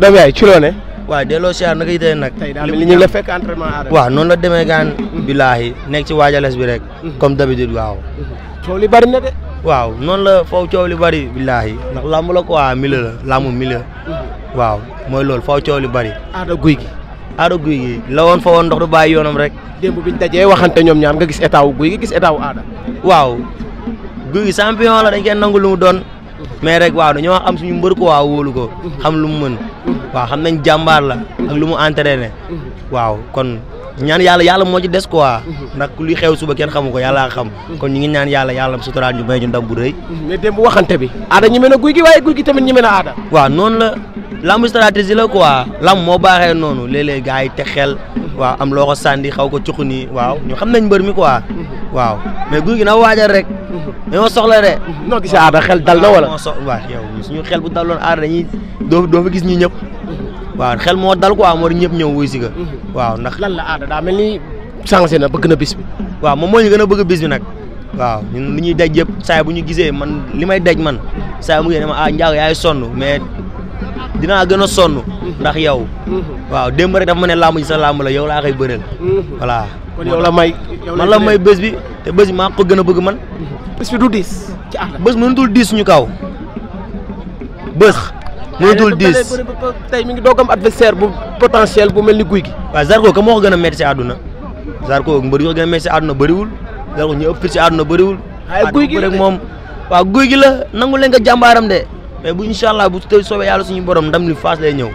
doom yaay ci waa waaw delloo siyaar naka yitee nag li la fekk entraînement la demee gaan mm-hmm. bilaahi nekk ci waajales bi rek mm-hmm. comme d'habitude waaw mm-hmm. coow li bari na waaw noonu la foofu coow li bari bilaahi ndax làmb la quoi mila la làmb mila waaw mooy loolu foofu coow li bari aada guy gi aada guy gi la woon fa woon ndox du bàyyi rek démb biñ dajee waxante ñoom ñaar nga gis état wu guy gi gis état wu waaw guy gi champion la dañ koy nangu lu mu doon mais rek waaw dañoo am suñu mbër ko waaw wóolu ko xam lu mu mën waaw xam nañ jàmbaar la ak lu mu entraîné waaw kon ñaan yàlla yàlla moo ci des quoi ndax luy xew suba kenn xamu ko yàlla xam kon ñu ngi ñaan yàlla yàlla suturaal ñu may ñu ndam bu rëy mais démb waxante bi aada ñi mën a guy gi waaye guy gi tamit ñi mën a aada waaw noonu la lamb stratégie la quoi lamb moo baaxee noonu léeg-léeg yi te xel waa am loo sandi sànni xaw ko cuqu nii waaw ñu xam nañ mbër mi quoi waa mais guy gi na waajal rek dañoo soxla de noo gisee aada xel dal na wala waaw yow suñu xel bu daloon aada dañuy doo doo gis ñu ñëpp waa xel moo dal quoi moo di ñëpp ñëw wuy si ga mhm. waaw ndax lan la aada na bëgg na bis bi waaw moom moo ñu gën a bëgg bis bi nag waaw ñun li ñuy daj yëpp saa bu ñu gisee man li may daj man saa mu gee dama ah njaago yaay sonn mais dinaa gën a sonn ndax yow mhm. waaw démb rek dafa ma ne làmb ji sa la yow laa koy bëreel mhm. voilà kon yow la may man la may bés bi te bés bi maa ko gën a bëgg man bés bi du diis ci àll bés mënutul diis suñu kaw mënatul diis tey mi ngi doog am adversaire bu potentiel bu mel ni guy gi. waaw Zarko ka moo ko gën a métti si àdduna Zarko mbër yi ko gën a métti si bëriwul Zarko ñu ëpp fit si àdduna bëriwul. waaye guy gi rek moom waaw guy gi la nangu leen nga jàmbaaram de mais bu incha bu tey soobee yàlla suñu borom ndam li faas lay ñëw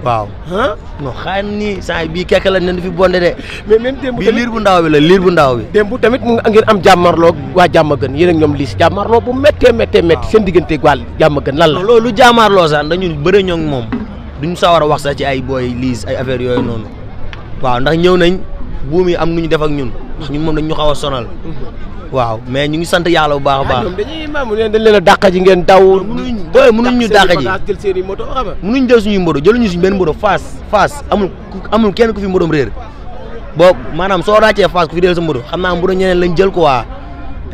waaw ah non xaar nii saa bii kekk la ne fi bonde de. mais même démb tamit liir bu ndaw bi la liir bu ndaw bi. démb tamit mu ngeen am jàmmarloo waa jàmm gën yéen ak ñoom liis jàmmarloo bu méttee méttee métti seen digganteeg waa jàmm gën lan la. loolu jàmmarloo sax dañu bëre ñoo moom duñ sawar a wax sax ci ay booy liis ay affaire yooyu noonu waaw ndax ñëw nañ buum yi am nu ñu def ak ñun ndax ñun moom dañ ñu xaw a sonal mm-hmm. waaw mais ñu ngi sant yàlla bu baax a baax. dañuy maamu leen dañ leen a dàqa ji ngeen daw. mënuñ booy mënuñ ñu dàqa ji jël seen i moto xam nga mënuñ jël suñuy moto jëluñu suñu benn moto Fass Fass amul amul kenn ku fi motoom réer boobu maanaam soo ràccee Fass ku fi réer sa moto xam naa ñeneen lañ jël quoi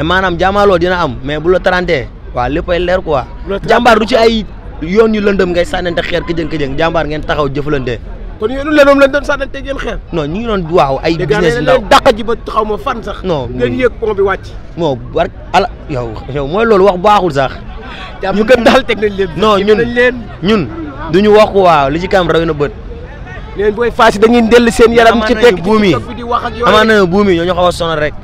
maanaam jaamaaloo dina am mais bu la tarantee waaw léppay leer quoi. jàmbaar du ci ay yoon yu lëndëm ngay sànnante xeer këjëng këjëng jàmbaar ngeen taxaw jëflante kon yéen ñu lenoom lañ doon sànnante yéen xeer non ñu ngi doon waaw xaw ma fan sax non ngeen yéeg pont bi mooy loolu wax baaxul sax ñu gën daal teg nañ leen non ñun leen ñun duñu wax waaw li ci kanam raw na bët leen booy faas yi dañuy dell seen yaram ci tekk buum yi amaa na buum yi ñoo ñu xaw a sonal rek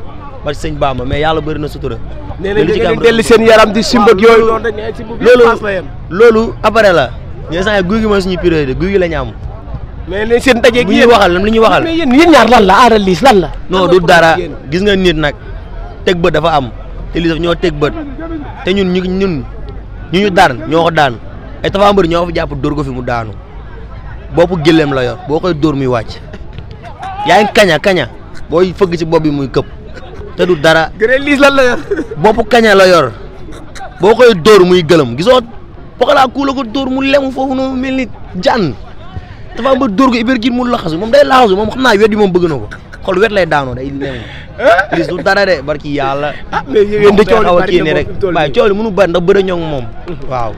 ba sëñ Bamba mais yàlla bëri na sutura nee nañ ngeen delli seen yaram di simb ak yooyu loolu loolu après la ño sane guy gi mooy suñu priorité guy gi la ñu am mais léegi seen dajeeg yéen bu ñuy waxal lan la ñuy waxal. mais yéen yéen ñaar lan la aada lan la. non du dara gis nga nit nag teg bët dafa am te lii daf ñoo teg bët te ñun ñu ñun ñu daan ñoo ko daan ay Tapha Mbeur ñoo ko fi jàpp dóor ko fi mu daanu boppu gëléem la yor boo koy dóor muy wàcc yaa ngi kaña kaña booy fëgg ci bopp bi muy këpp te du dara. gërëm liis lan la boppu kaña la yor boo koy dóor muy gëlëm gisoo poxalaa ku la ko dóor mu lemu foofu noonu mel ni jaan. dafa mbër dóor ko Iberguine mu laxasu moom day laxasu moom xam naa wet bi moom bëgg na wet lay daanoo day néew Liss du dara de barki yàlla ah, moom day xaw a kii nii rek waaye coow li mënu bari ndax bëre ñoo ngi moom mhm. waaw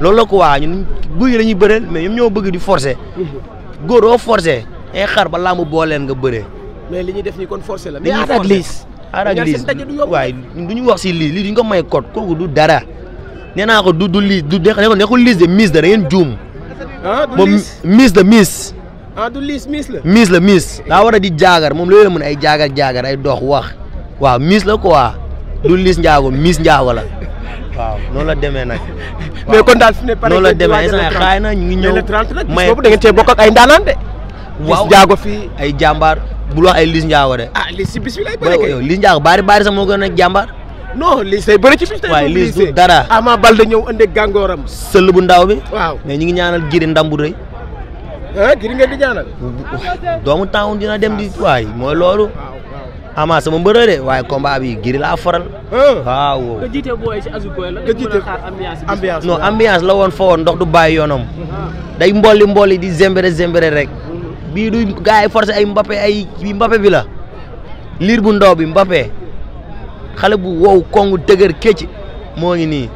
loolu la ko waa ñun bëri la ñuy bëreel mais ñoom ñoo bëgg di forcer mhm. góor oo forcer ay eh, xar ba laa mu booleen nga bëree mais li ñuy def nii kon forcer la mais ak Liss ak Liss waaye du ñu wax si Liss lii duñ ko may code kooku du dara nee naa ko du du Liss du nekkul Liss de mise da ngeen juum ba ah, miis la miis. ah du liis miis la. miis la miis daa war a di jaagar moom loolu la mën ay jaagar jaagar ay dox wax waaw miis la quoi du liis njaago miis njaago la waaw noonu la demee nag. mais kon daal fi ne pare la demee instant xaay na ñu ngi ñëw. mais boobu da ngeen cee bokk ak ay ndaanaan de. waaw liis njaago fii ay jàmbaar bul wax ay liis njaago de. ah liis si bis njaago baari baari sax moo gën a jàmbaar. non lii say bëri ñëw ëndee gàngooram. sëll bu ndaw bi. waaw mais ngi ñaanal giri ndam bu rëy. Eh, doomu taawu dina dem di. waay mooy loolu. ama sama mbërë de giri eh. la. nga jiite ambiance la woon fa woon ndox du bàyyi yoonam. day mbolli mbolli di zembere zembere rek. bii du gars yi ay Mbappé ay bi Mbappé bi liir bu ndaw bi Mbappé. xale bu wow kongu dëgër këcc moo ngi nii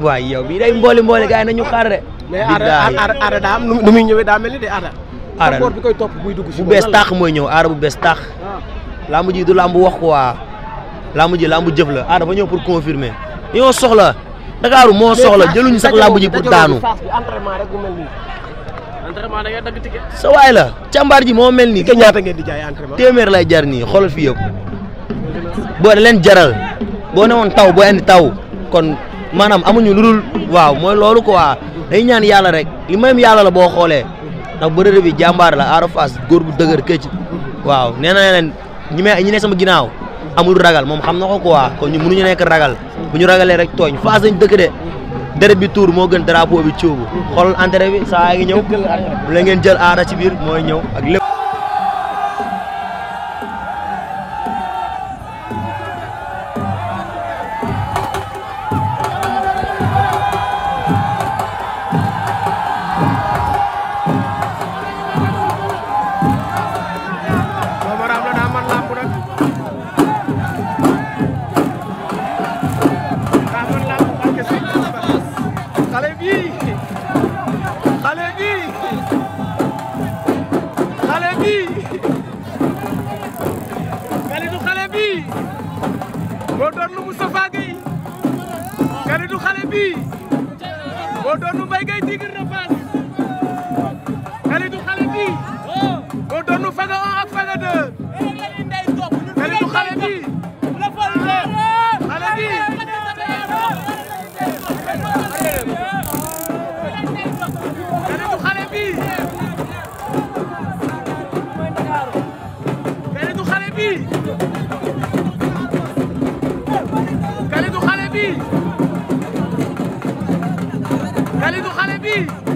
waaye yow bi day mbooli mbooli gars yi nañu xaar de. mais aada aada daa am nu muy ñëwee daa mel ni de aada. aada support bi koy topp buy dugg si bu bees taax mooy ñëw aada bu bees taax. Ah. làmb ji du làmb wax ko waa làmb ji làmb jëf la aada ba ñëw pour confirmer ñoo soxla Dakar moo soxla jëluñu sax làmb ji pour daanu. entraînement da ngay dagg ticket. sa waay la càmbaar ji moo mel nii. ñaata ngeen di jaay entraînement téeméer lay jar nii xoolal fii yëpp. boo da leen jaral boo ne woon taw bo indi taw kon maanaam amuñu lu dul waaw mooy loolu quoi day ñaan yàlla rek li mayam yàlla la boo xoolee ndax bërëre bi jàmbaar la Ada Fass góor bu dëgër këcc waaw nee na leen ñi may ñi ne sama ginnaaw amul ragal moom xam na ko quoi kon ñu mënuñu nekk ragal bu ñu ragalee rek tooñ Fass lañ dëkk de bi tuur moo gën drapeau bi cuubu xoolal entrée bi saa ngi ñëw la ngeen jël aada ci biir mooy ñëw ak lépp jàkkaarlu Moustapha Gueye garitu xale bi moo doonu Mbaye Gueye Tigre de Lamine